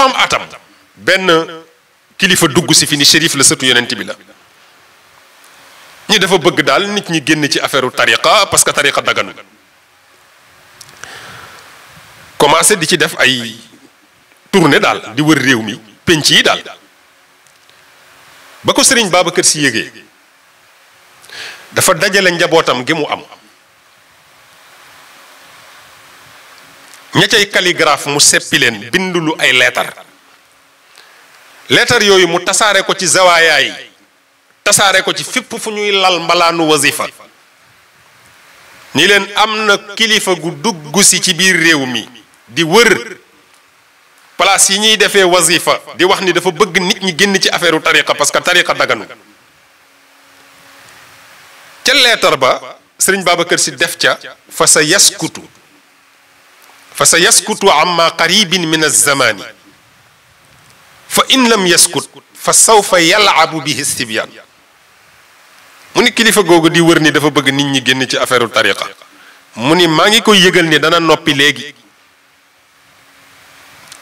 dafa am atam benn kilifa dugg si fi ni shérif la sëtu yonent bi la ñi dafa bëgg daal nit ñi génn ci affaire tariqa parce que tariqa daganu commencé di ci def ay tournée daal di wër réew mi penc yi daal ba ko sëriñ kër si yëgee dafa dajale njabootam gi mu am ña cay mu seppi leen bindulu ay leetar leetar yooyu mu tasaare ko ci zawaayaa yi tasaare ko ci fépp fu ñuy lal mbalaanu wasifa ni leen am na kilifa gu dugg si ci biir réew mi di wër place yi ñuy defee wasifa di wax ni dafa bëgg nit ñi génn ci affaireu tariqa parce que tariqa daganu ca leetar ba sëriñ kër si def ca fa sa yaskutu fa sa yaskutu amma qaribin min alzamaani fa in lam yaskut fa sawfa yalabu bihi stibyaan mu ne kilifa googu di wër ni dafa bëgg nit ñi génn ci affaire tariqa mu ni maa ngi koy yëgal ni dana noppi léegi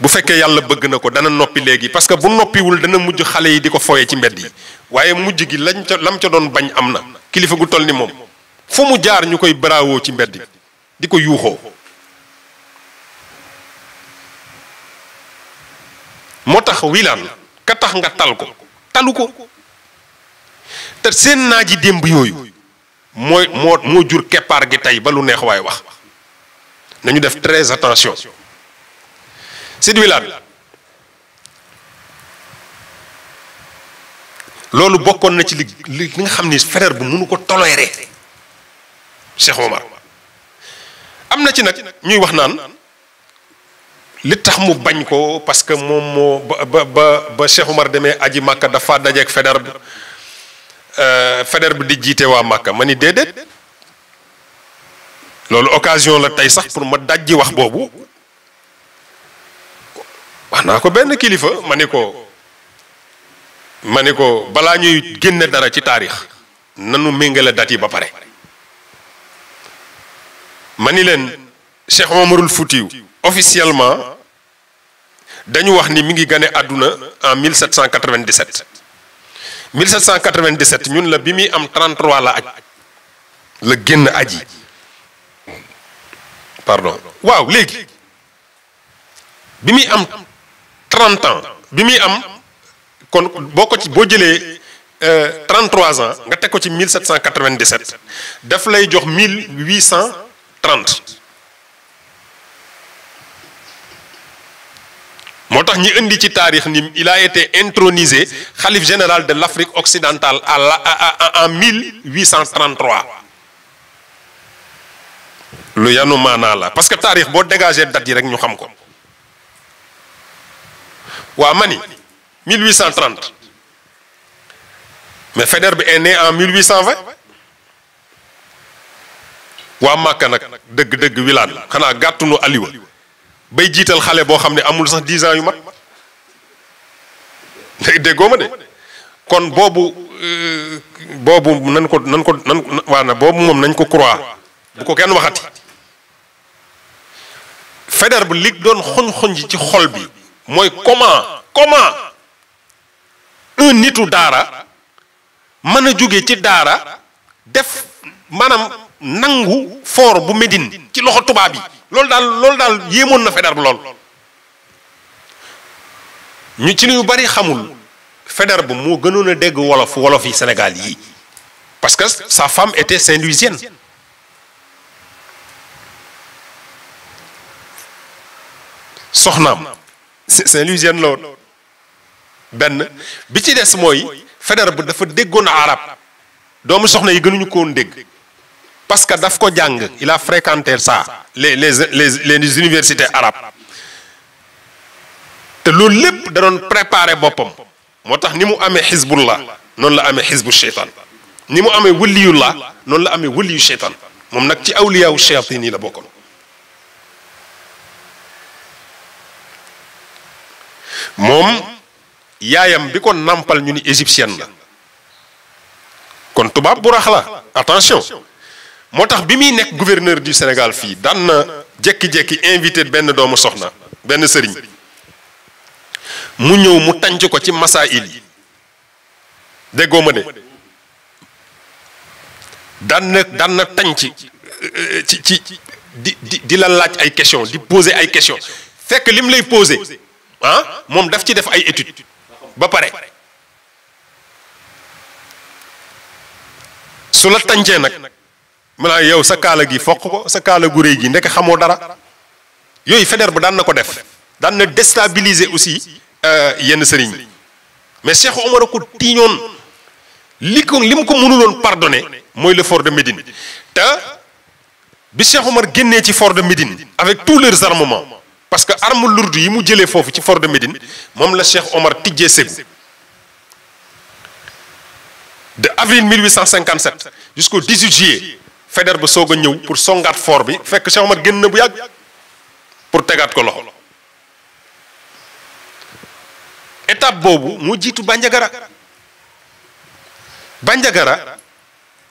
bu fekkee yàlla bëgg na ko dana noppi léegi parce que bu noppiwul dana mujj xale yi di ko foye ci mbedd yi waaye mujj gi lañ ca lam ca doon bañ am na kilifa gu toll ni moom fu mu jaar ñu koy baraawoo ci mbedd di ko yuuxoo moo tax wilaan ka tax nga tal ko talu ko te seen naa ji démb yooyu mooy moo moo jur keppaar gi tey ba lu neex waay wax nañu def très attention Sidi Wilane loolu bokkoon na ci li li nga xam ni frère bu mënu ko toléré Cheikh Omar am na ci nag ñuy wax naan li tax mu bañ ko parce que moom moo ba ba ba Cheikh Umar demee aji màkka dafa dajeeg feder bi euh, feder bi di jiite waa màkka ma ni déedéet loolu occasion la tey sax pour ma dajji wax boobu wax naa ko benn kilifa ma ni ko ma ni ko balaa ñuy génne dara ci taarix nanu méngale dat yi ba pare ma ni leen Cheikh Omarul officiellement dañu wax ni mi ngi gane en 1797 1797 ñun la bi 33 la aj la pardon waaw légui bi am 30 ans bi il am kon 33 euh, ans nga tek ko 1797 daf lay 1830. ñi indi ci il a été intronisé khalife général de l'Afrique occidentale en 1833 lu yanu manala parce que taarix bo dégager date yi rek ñu xam ko wa mani 1830 mais Fenerbe est né en 1820 Ou Màkka nag deug dëgg wilaan xanaa gàttunu aliwa bay jiital xale boo xam ne amul sax dix ans yu mat déggoo ma de kon boobu euh, boobu nan ko nan ko nan waa na boobu moom nañ ko croire bu ko kenn waxati Faidherbe bi li doon xoñ-xoñ ji ci xol bi mooy comment comment un nitu daara mën a jóge ci daara def maanaam nangu foor bu Médine ci loxo tubaab yi loolu daal loolu daal yéemoon na Faidherbe lool ñu ci lu bari xamul Faidherbe moo gënoon a dégg wolof wolof yi Sénégal yi parce que sa femme était saint-louisienne soxnaam saint-louisienne la woon benn bi ci des mooy Faidherbe dafa déggoon arab doomu soxna yi gënuñu ko woon dégg parce que Dafko Djang, il a fréquenté ça les les les les universités arabes te loolu lépp da doon préparé boppam ni mu amee nous avons la amee ni nous avons la avons nampal égyptienne la kon dit la attention je suis bi gouverneur du Sénégal fi des na Je invité Ben doomu soxna ben sëriñ mu ñew mu ko ci de di di la laaj ay question di poser ay question fekk lim lay poser suis ah, mom daf ci def ay ba ma yow sa kala gi foq ko sa kala gu réy gi ndek xamoo dara yoy feder bu dan nako def dan na déstabiliser aussi euh, yenn serigne mais Cheikh Omar ko tiñon li lim ko mënulon pardonner moy le fort de Médine te bi Cheikh Omar génnee ci fort de Médine avec tous leurs armements parce que arme lourde yi mu jëlee fofu ci fort de Médine mom la Cheikh Omar tijjee ségu de avril 1857 jusqu'au 18 juillet feder ba soga ñew pour songat for bi fekk Cheikh Omar genn na bu yag pour tegat ko loxo étape bobu mu jitu banjagara banjagara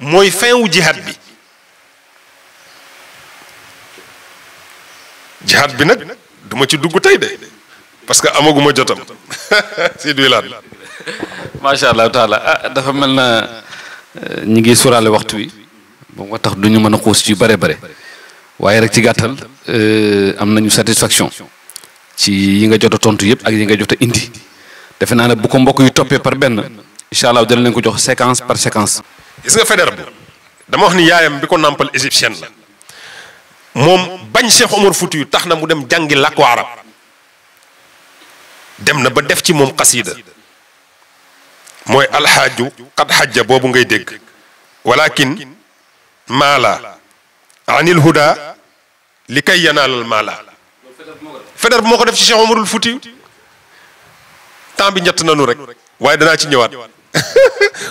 moy fin wu jihad bi jihad bi nak duma ci dugg tay de parce que amaguma jotam si ilad ma sha allah taala ah, dafa melna euh, ñi ngi sóoraale waxtu wi ba moo tax du ñu mën a xuus yu bare bare waaye rek ci gàttal euh, am nañu satisfaction ci yi nga jot tontu yëpp ak yi nga jot indi defe naa ne bu ko mbokk yu toppee par benn incha allah dina leen ko jox séquence par séquence. gis nga bu dama wax ni yaayam bi ko nàmpal égyptienne la moom bañ Cheikh Omar Fouti yu tax na mu dem jàngi làkku arab dem na ba def ci moom xasiida mooy alxaaju xad xajja boobu ngay dégg walakin مالا anil huda لكي ينال المالا فدر موكو bu moo ko def ci Cheikh Omarul نانو temps واي دانا سي نيوات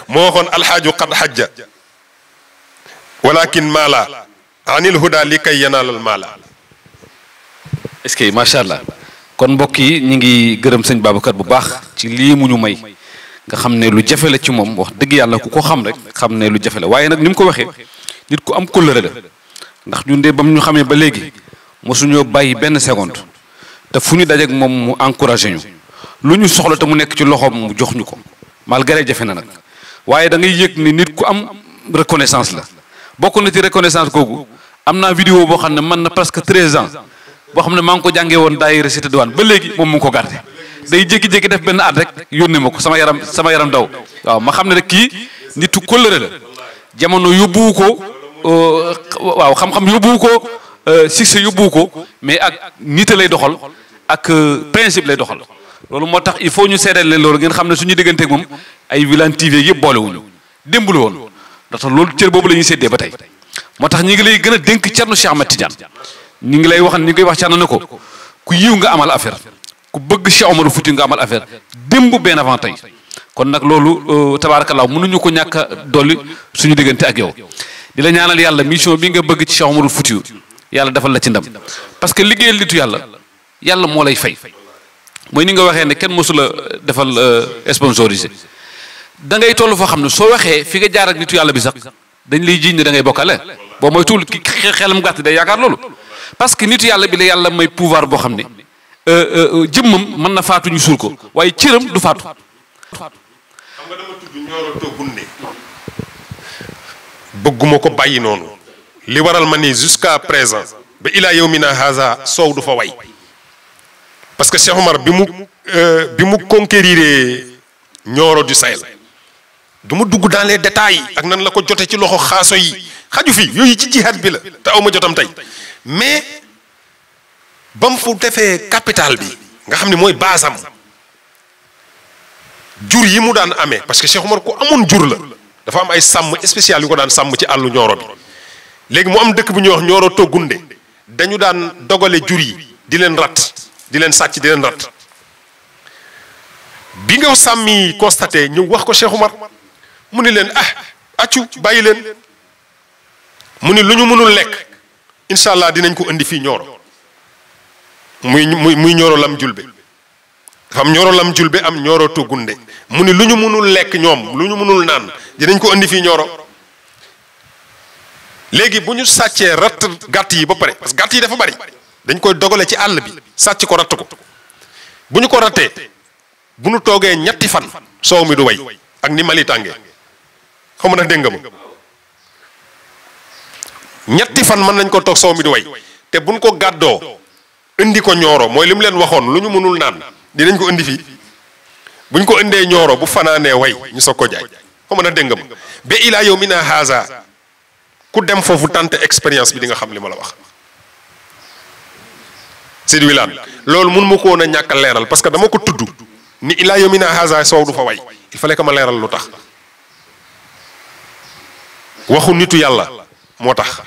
موخون الحاج قد حج ولكن مالا عن الهدى لكي walakin المالا anil huda شاء الله كون بوكي نيغي ce سيغ بابكر بو باخ mbokk لي مو ngi ماي nga xamne lu jafe la ci mom wax deug yàlla ku ko xam rek xamne lu jafe la waaye nag ko waxé nit ku am kóllëre la ndax ñun de bam ñu xamee ba léegi mosuñoo bàyyi benn seconde te fu ñu dajeeg moom mu encouragé ñu lu ñu soxla te mu nekk ci loxoom mu jox ñu ko malgré jafe na nag waaye da ngay yëg ni nit ku am reconnaissance la bokk na ci reconnaissance googu am naa vidéo boo xam ne man na presque treize ans boo xam ne maa ngi ko jàngee woon daayira cité waan ba léegi moom mu ko gardé day jékki-jékki def benn at rek yónnee ma ko sama yaram sama yaram daw waaw xam ne rek kii nitu kóllëre la jamono Euh, waaw xam-xam yóbbu ko euh, succès yóbbu ko mais ak nit lay doxal ak euh, principe lay doxal loolu moo tax il faut ñu seedeel leen loolu ngeen xam ne suñu digganteeg moom ay Wilane TV yëpp boolewuñu démb la woon ndax loolu cër boobu la ñuy séddee ba tey moo tax ñi ngi lay gën a dénk Thierno Cheikh ma Tidiane ñi ngi lay wax ñi ngi koy wax Thierno ne ko ku yiw nga amal affaire ku bëgg Cheikh Omar Fouti nga amal affaire démb benn avant tey kon nag loolu tabaarakallaa mënuñu ko ñàkk a dolli suñu diggante ak yow di la ñaanal yàlla mission bi nga bëgg ci Cheikh Omarul Foutiou yàlla defal la ci ndam parce que liggéeyal nitu yàlla yàlla moo lay fay mooy ni nga waxee ne kenn mësu la euh, defal euh, sponsorisé da ngay toll foo xam ne soo waxee fi nga jaar ak nitu yàlla bi sax dañ lay jiiñ ne da ngay bokkale boo mooy tuul ki xelam gàtt day yaakaar loolu parce que nitu yàlla bi la yàlla may pouvoir boo xam ne euh, jëmmam mën na faatu ñu suul ko waaye cëram du faatu. xam nga bëgguma ko bàyyi noonu li waral ma ni jusqu'à présent ba ilaa yawmina haza soow du fa way parce que Cheikh Omar bi mu euh, bi mu conquérir Nioro du Sahel du ma dugg dans les détails ak nan la ko jote ci loxo xaaso yi xaju fi yooyu ci jihaad bi la te aw ma jotam tey mais ba mu fu defee capital bi nga xam ne mooy baasam jur yi mu daan amee parce que Cheikh Omar ku amoon jur la dafa am ay sàmm spécial yu ko daan sàmm ci àllu ñooro bi léegi mu am dëkk bu ñuy wax ñooro toggunde dañu daan dogale jur yi di leen rat di leen sàcc di leen rat bi nga sàmmi constaté ñëw wax ko Cheikh Umar mu ni leen ah accu bàyyi leen mu ni lu ñu mënul lekk incha allah dinañ ko indi fii ñooro muy muy muy ñooro lam julbe dafa am ñooro lam bi am ñooro gunde mu ni lu ñu mënul lekk ñoom lu ñu mënul naan dinañ ko indi fii ñooro léegi bu ñu sàccee ratt gàtt yi ba pare parce que gàtt yi dafa bari dañ koy dogale ci àll bi sàcc ko ratt ko bu ñu ko rattee bu ñu toogee ñetti fan soow mi du way ak ni mali tàngee xaw ma nag dégg nga ma ñetti fan mën nañ ko toog soow mi du way te bu ñu ko gàddoo indi ko ñooro mooy li mu leen waxoon lu ñu mënul naan dinañ ko indi fi buñ ko indee ñoro bu fanané way ñu soog jaay mëna dëngam be ila yawmina haza ku dem fofu tante experience bi di nga xam li mala wax sid wilan lool mun mu ko na ñak ñàkk parce que dama ko tuddu ni ila yawmina mina haza saw du fa way il fallait que ma leeral lutax waxu nitu yalla motax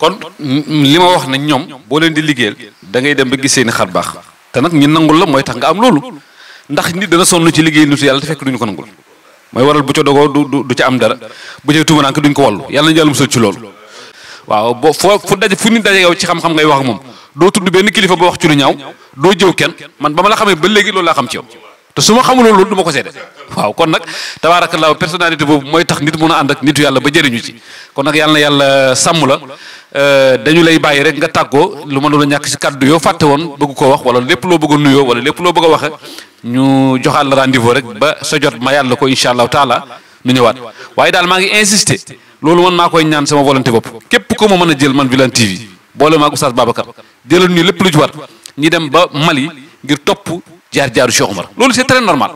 kon lima wax na ñom bo leen di da ngay dem ba gis seen te nag ñi nangul la mooy tax nga am loolu ndax nit dana sonn ci liggéey nitu yàlla te fekk duñu ko nangul mooy waral bu ca du ca am dara bu ca tumanaan duñ ko wallu yàlla nañu yàlla musal ci loolu waaw boo foo fu daje fu nit daje yow ci xam-xam ngay wax ak moom doo tudd benn kilifa ba wax ci lu ñaaw doo jëw kenn man ba ma la xamee ba léegi loolu laa xam ci yow te suma ma xamuloo duma ko sédé waaw kon nak tabarakallah personnalité bobu moy tax nit mëna and ak nitu yalla ba jëriñu ci kon nak yalla yalla sam la euh dañu lay bayyi rek nga taggo lu ma doon ñak ci kàddu yo faté won bëgg ko wax wala lepp lo bëgg nuyo wala lepp lo bëgg waxe ñu joxal la rendez-vous rek ba sa jot ma yalla ko inshallah taala ñu ñëwaat waye dal ma ngi insister loolu man maa koy ñaan sama volonté bop képp ko mo mën jël man vilan TV ma ko Oustaz Babacar jëlun ñu lepp lu ci war ñi dem ba Mali ngir top jaar-jaaru Cheikh Omar loolu c'est très normal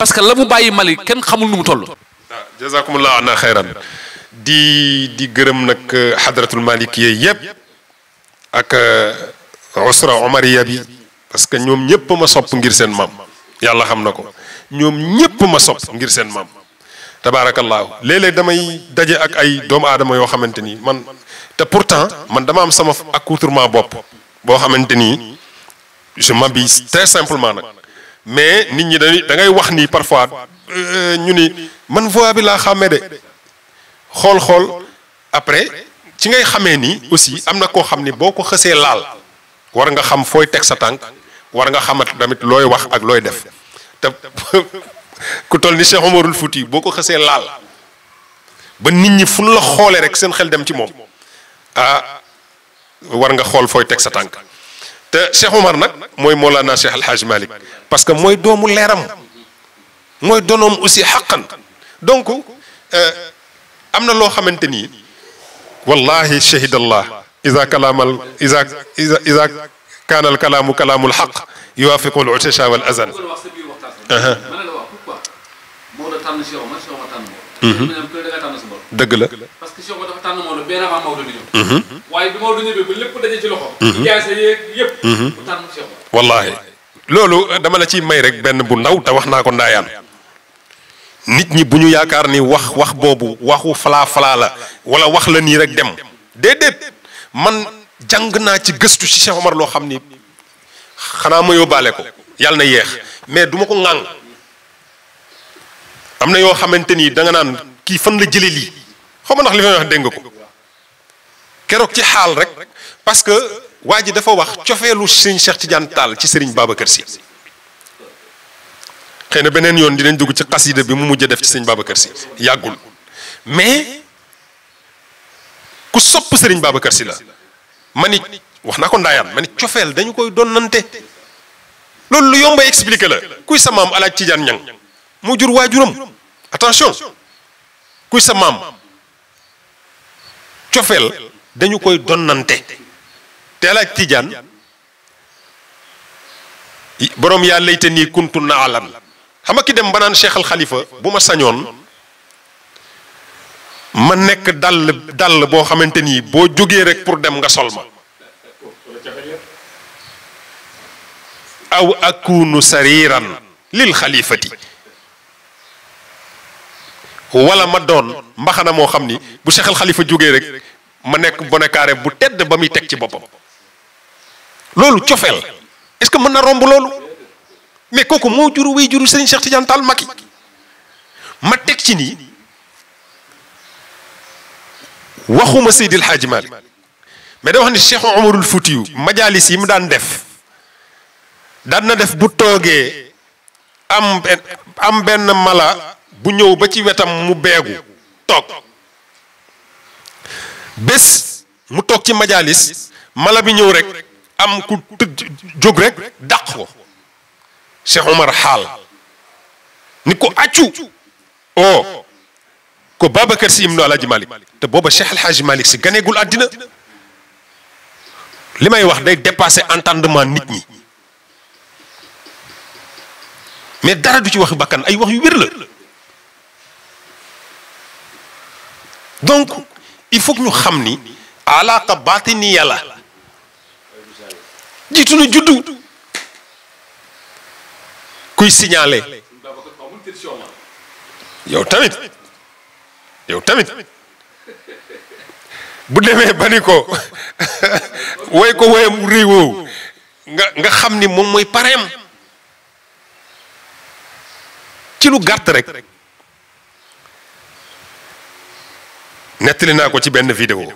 parce que la mu bàyyi Mali kenn xamul nu mu toll. Ah, jazakumullah ana di di gërëm nag hadratul euh, malikiya yëpp ak euh, usra omariya bi parce que ñoom ñëpp ma sopp ngir seen maam yàlla xam na ko ñoom ñëpp ma sopp ngir seen maam tabaarakallaahu léeg-léeg damay daje ak ay doomu aadama yoo xamante ni man te pourtant man dama am sama accoutrement bopp boo xamante ni je m'habille très simplement nag mais nit ñi dañuy da ngay wax ni parfois euh, ñu ni man voix bi la xamé dé xol xol après ci ngay xamé ni aussi amna ko xamni boko ni laal war nga xam foy tek sa tank war nga xamat tamit loy wax ak loy def te ku toll ni Cheikh Omarul Fouti boko ko laal ba nit ñi fuñ la xolé rek seen xel dem ci mom ah war nga xol foy tek sa tank te Cheikh Omar nak moy molana Cheikh El Hadj Malick parce que moy domou leram moy donom aussi haqqan donc am na loo xamante ni wallahi shahidallah iza kalaamal iza iza iza kaana al kalaamu kalaamul xaq yuwaafiqu al utasha wal azan. Mhm. dëgg la parce mhm. lépp daje ci loxo. Mhm. jaay loolu eh, dama la ciy may rek benn bu ndaw te wax naa ko ndaayaan nit ñi bu ñu yaakaar ni wax wax boobu waxu falaa falaa la wala wax la nii rek dem déedéet man jàng naa ci gëstu ci Cheikh loo xam ni xanaa ma yóbbaale ko yàlla na yéex mais duma ko ŋàng. am na yoo xamante nii da nga naan kii fan la jëlee lii xaw ma ndax li may wax dégg nga ko keroog ci xaal rek parce que waa ji dafa wax cofeelu sëñ Cheikh Tidiane taal ci sëriñ Babacar Sy xëy na beneen yoon dinañ dugg ci xasida bi mu mujj def ci sëñ Babacar Sy yàggul mais ku sopp sëriñ Babacar Sy la ma ni wax naa ko ndaayaan ma ni cofeel dañu koy donnante loolu lu yomb a la kuy sa maam alaaj Tidiane ñang moo jur waajuram attention kuy sa maam cofeel dañu koy donnante te tiijaan tijaan boroom yaa layte nii kuntu na xam nga ki dem ba naan Cheikh Al bu ma sañoon ma nekk dàll dàll boo xamante nii boo jógee rek pour dem nga sol ma aw akunu sariran lil xalifati wala ma doon mbaxana moo xam ni bu Cheikh xalifa jógee rek ma nekk bonekaare bu tedd ba muy teg ci boppam loolu cofeel est-ce mën na romb loolu mais kooku moo juru way juru Serigne Cheikh Tidiane Tall Macky ma teg ci nii waxuma Seydil Hadji Malick mais da wax ni Cheikh Omarul Foutiyu majalis yi mu daan def daan na def bu toogee am am benn mala bu ñëw ba ci wetam mu beegu mu ci majalis mala bi rek am ku jogrek jóg rek hal. ko cheikh omar xaal ni ko accu oo oh! ko babacar si ibnu alhaji malik te booba cheikh alhaji malik si ganeegul àddina li may wax day dépasser entendement nit ñi mais dara du ci waxi bakkan ay wax yu la donc il faut que ñu xam ni alaaka baatiniya la jiitu na juddu kuy signalé yow tamit yow tamit bu demee ba ni ko woy ko woyam réy woowu nga nga xam ni moom mooy pareem ci lu gàtt rek nettali naa ko ci benn vidéo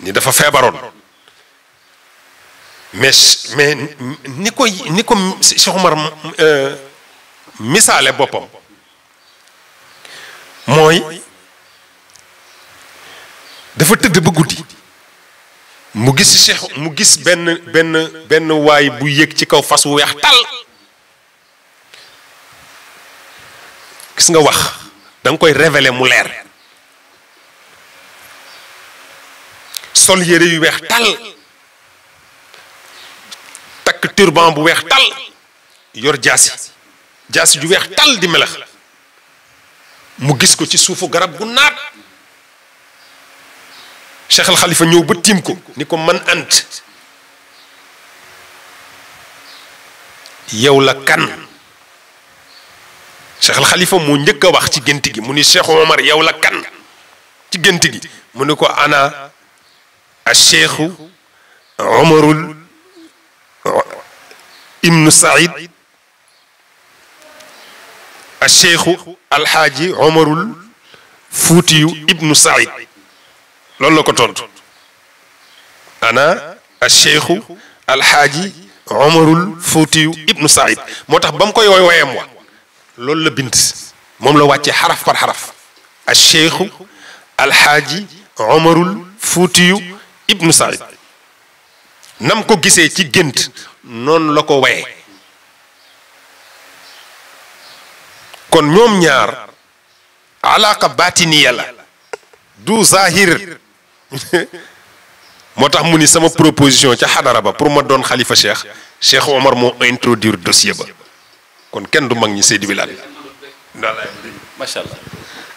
ni dafa feebaroon mais mais ni ko ni ko Cheikh Omar euh, misaale boppam mooy dafa tëdd ba guddi mu gis Cheikh mu gis benn benn benn waay bu yéeg ci kaw fas wu weex tal gis nga wax da koy révéler mu leer sol yére yu weex tal takk turban bu weex tal yor jaasi jaasi ju weex tal di melax mu gis ko ci suufu garab gu naat Cheikh xalifa Khalifa ñëw ba tiim ko ni ko man ant yow la kan Cheikh al moo njëkk a wax ci gént gi mu ni Cheikh Omar yow la kan ci gént gi mu ni ko ana الشيخ عمر ابن سعيد الشيخ الحاج عمر الفوتي ابن سعيد لولا كتونت أنا الشيخ الحاج عمر الفوتي ابن سعيد موتاخ بام كوي واي وايام وا لولا بنت موم لا واتي حرف بار حرف الشيخ الحاج عمر الفوتي ibnu Saïd nam ko gisee ci gént noonu la ko waye kon ñoom ñaar alaaka baatiniya la du zahir moo tax mu ni sama proposition ca xadara ba pour ma doon xalifa cheikh cheikh Omar moo introduire dossier ba kon kenn du mag ñi Seydi Bilal macha allah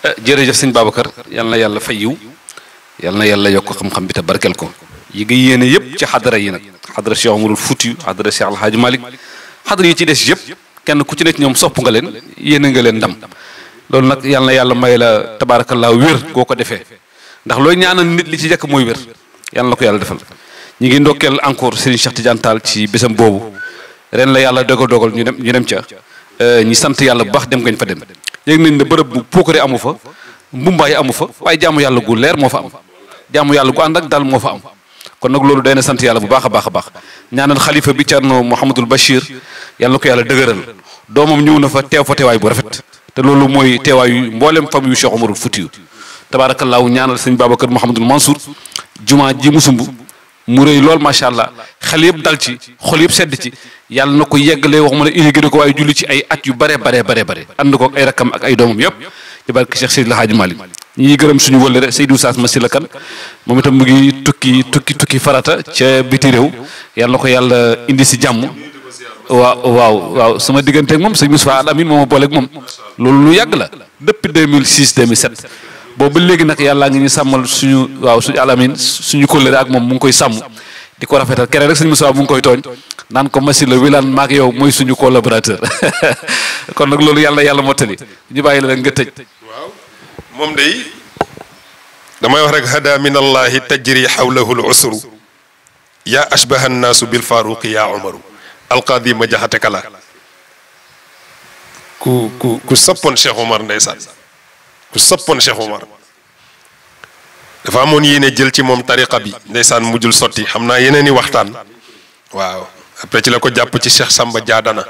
eh, jërëjëf sëñ Babacar yal na yàlla fay yiw yal na yàlla yokk xam-xam bi te barkel ko yi nga yéene yëpp ci xadara yi nag xadara Cheikh Omarul Fuuti xadara Cheikh Alhaaj Malick xadara yi ci des yëpp kenn ku ci nekk ñoom sopp nga leen yéene nga leen ndam loolu nag yal na yàlla may la tabaarakallaa wér koo ko defee ndax looy ñaanal nit li ci jëkk mooy wér yàlla na ko yàlla defal ñu ngi ndokkeel encore Serigne Cheikh Tidiane Tall ci bésam boobu ren la yàlla dogal dogal ñu dem ñu dem ca euh, ñi sant bu baax dem gañ fa dem yëg nañ ne bërëb bu jaamu yàlla gu ànd ak dal mo fa am kon nak lolu doyna sante yàlla bu baax a baax ñaanal khalifa bi Thierno Mouhamadul bashir yàlla ko yàlla degeural domam ñëw na fa teew fa teewaay bu rafet te lolu moy teway mbollem fam yu Cheikh Omarul Foutiyu tabarakallah ñaanal sëñ babakar Mouhamadul Mansour juma ji musumbu mu sumb lol ma sha allah xel dal ci xol sedd ci yàlla nako ko waxuma wax ma ko way julli ci ay at yu bare bare bare bare ànd ko ay rakam ak ay doomam yëpp ci barke Cheikh Seydil Hadji ñi gërëm suñu wëllëre Seydou Saas Masila Kan moom itam mu tukki tukki tukki farata ca biti réew yàlla na ko yàlla indi si jàmm waaw waaw waaw sama diggante ak moom sëñ Moussa Al Amin moom a booleeg moom loolu lu yàgg la depuis 2006 2007 boobu ba léegi nag yàllaa ngi ñu sàmmal suñu waaw suñu Al Amin suñu ak moom mu ngi koy sàmm di ko rafetal kere rek sëñ Moussa mu ngi koy tooñ naan ko Masila Wilane maak yow mooy suñu collaborateur kon nag loolu yàlla yàlla mottali ñu bàyyi la rek nga tëj moom day damay wax rek hada min allahi tajri xawlahu l usru yaa ashbaha annaasu bil faruqi yaa umaru alqaadi ma jaxate kala ku ku ku soppoon Cheikh Omar ndeysaan ku soppoon Cheikh Omar dafa amoon yéene jël ci moom tariqa bi ndeysaan mujjul sotti xam naa yeneen i waxtaan waaw après ci la ko jàpp ci Cheikh Samba jaadana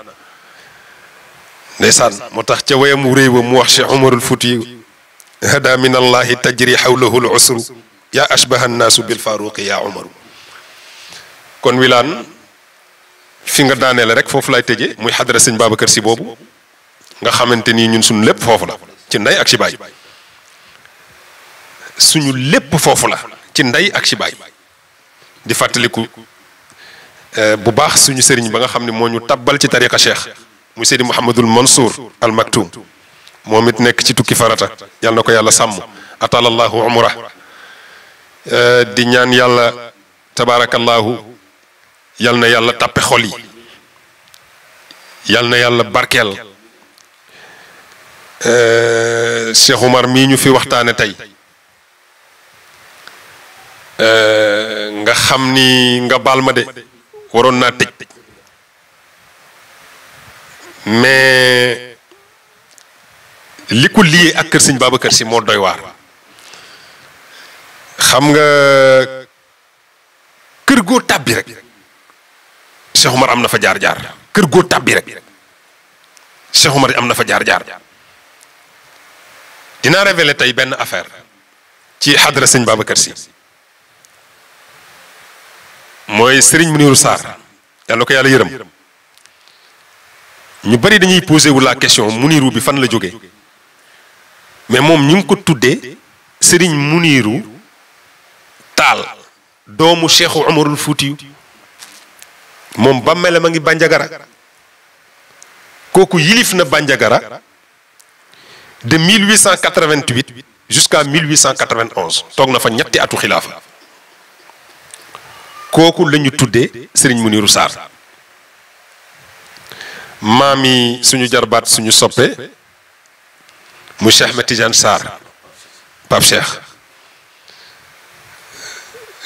ndeysaan moo tax ca wayam wu réy wa mu wax Cheikh Omarul Fuuti hada من الله تجري حوله العسر يا أشبه الناس بالفاروق يا عمر كون ويلان فين wilaan fi nga لاي تجي foofu lay tëje muy xadara sëñ nga xamanteni ñun suñu lépp fofu la ci nday ak ci bay suñu lépp fofu la ci nday ak ci bay di fàttaliku bu baax suñu serigne ba nga xamni moñu tabal ci tariqa cheikh muy serigne mohammedul Mansour al Maktoum momit nek ci tukki farata yal nako yàlla sàmm atalallahu umrah di ñaan yàlla tabarakallah yal na yàlla tapé xol yi yal na yàlla euh Cheikh omar mi ñu fi tay euh nga xamni nga balma de waron na tëj mais li ko lié ak kër si moo doy waar xam nga kër goo tàbbi rek Cheikh Omar am na fa jaar jaar kër goo tàbbi rek Cheikh Omar am na fa jaar jaar dinaa révéler tey benn affaire ci xadra sëñ Babacar si mooy Serigne Mounirou Sarr yàlla ko yàlla yërëm ñu bari dañuy posé wu la question Mounirou bi fan la jógee. mais moom ñu ngi ko tuddee sëriñ muniiru taal doomu cheikhu umarul fuutiyu moom ba bàmmeelam a ngi bànjagara kooku yilif na bànjagara de 1888 jusqu'à 1891 toog na fa ñetti atu xilaafa kooku la ñu tuddee sëriñ muniiru saar maami suñu jarbaat suñu soppe mu Cheikh ma Tidiane Sarr Pape Cheikh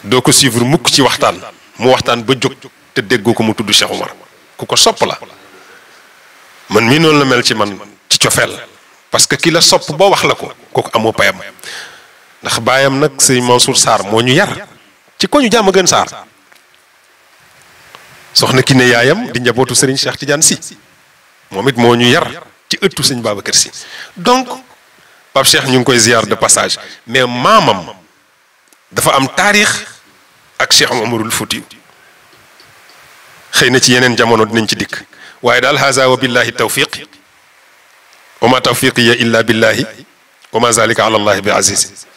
doo ko suivre mukk ci waxtaan mu waxtaan ba jóg te dégg ko mu tudd Cheikh Umar ku ko sopp la man mii noonu la mel ci man ci cofeel parce que ki la sopp ba wax la ko kooku amoo payam ndax baayam nag sëñ Mansour saar moo ñu yar ci ko ñu jàmm gën Sarr soxna ki ne yaayam di njabootu Serigne Cheikh Tidiane si moom it moo ñu yar ëttu seigne Babacar si donc Pape Cheikh ñu ngi koy ziar de passage mais mamam dafa am tarikh ak Cheikh Omarul Fouti xeyna ci yenen jamono dinañ ci dik waye dal haza wa billahi tawfiq wa ma tawfiqiya illa billahi wa ma zalika ala allahi bi aziz